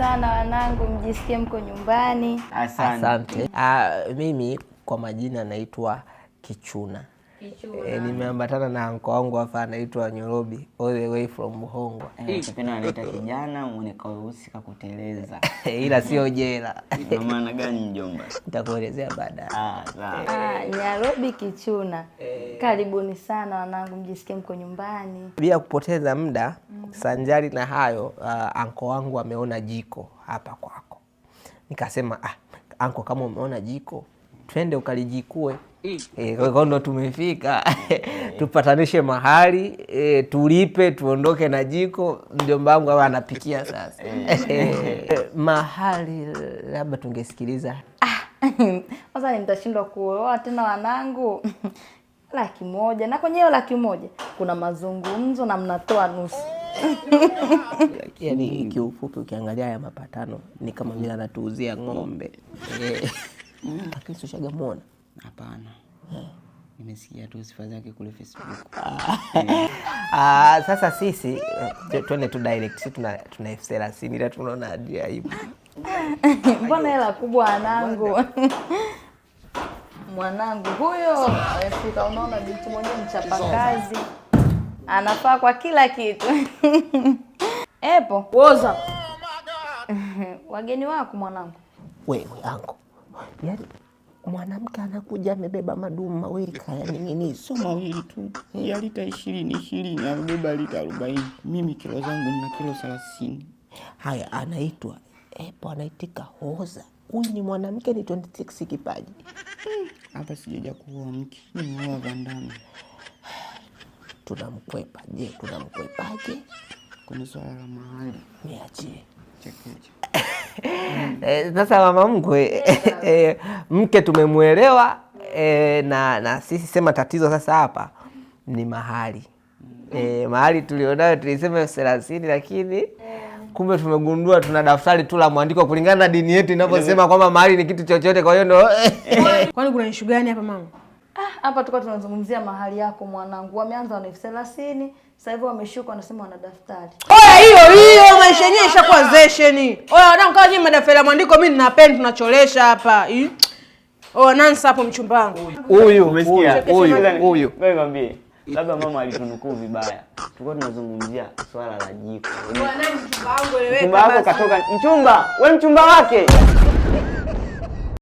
sana wanangu, mjisikie mko nyumbani. Asante. Asante. Uh, mimi kwa majina naitwa Kichuna. E, nimeambatana na anko wangu hapa anaitwa Nyorobi all the way from Muhongwa. Eh, Ukipenda kijana mwone kausi kakuteleza. Ila sio jela. Ina maana gani mjomba? Nitakuelezea baadaye. Ah, sawa. Ah, Nyorobi Kichuna. Karibuni sana wanangu, mjisikie mko nyumbani. Bila kupoteza muda, mm. sanjari na hayo, ah, anko wangu ameona jiko hapa kwako. Nikasema ah, anko kama umeona jiko twende ukalijikue. E, ndo tumefika tupatanishe mahali e, tulipe tuondoke na jiko. Mjomba wangu awa anapikia sasa eh. mahali labda tungesikiliza ah, nitashindwa kuoa tena wanangu laki moja na kwenye hiyo laki moja kuna mazungumzo na mnatoa nusu. Yani kiufupi, ukiangalia haya mapatano ni kama vile anatuuzia ng'ombe mm. Akili ushagamwona? Hapana, eh. nimesikia tu sifa zake kule Facebook. Ah, sasa sisi eh, twende tu direct, si tuna tuna elfu thelathini ila tunaona hadi aibu. Mbona hela kubwa anangu mwanangu huyo amefika. Unaona, binti mwenyewe mchapakazi, anafaa kwa kila kitu epo woza wageni wako mwanangu, wewe angu Yaani mwanamke anakuja amebeba madumu mawili kayaning'iniza, sio mawili tu eh. ya lita ishirini ishirini, amebeba lita arobaini. Mimi kilo zangu nina kilo thelathini. Haya, anaitwa epo, anaitika hoza. Huyu ni mwanamke, ni 26 kipaji hmm, hapa. Sijaja kuoa mke, nimeoa vandana Tunamkwepa je? Tunamkwepaje kwenye swala la mahali? Niachie chekeche Eh, sasa e, mama mkwe e, mke tumemwelewa e, na, na sisi sema tatizo sasa hapa ni mahali e, mahali tulionayo tulisema elfu thelathini lakini kumbe tumegundua tuna daftari tu la mwandiko kulingana na dini yetu inavyosema kwamba mahali ni kitu chochote. Kwa hiyo ndo kwani kuna ishu gani hapa mama? Ah, hapa tukao tunazungumzia mahali yako mwanangu. Wameanza na elfu thelathini sasa hivi wameshuka, wanasema wana daftari. Oya, hiyo hiyo maisha yenyewe ishakuwa zesheni. Oya wadau, kama nyinyi madaftari ya mwandiko, mimi nina pen, tunacholesha hapa. Oya nansa hapo, mchumba wangu huyu huyu. Wewe niambie, labda mama alitunukuu vibaya, tulikuwa tunazungumzia swala la jiko. Mchumba wako katoka, mchumba wewe, mchumba wake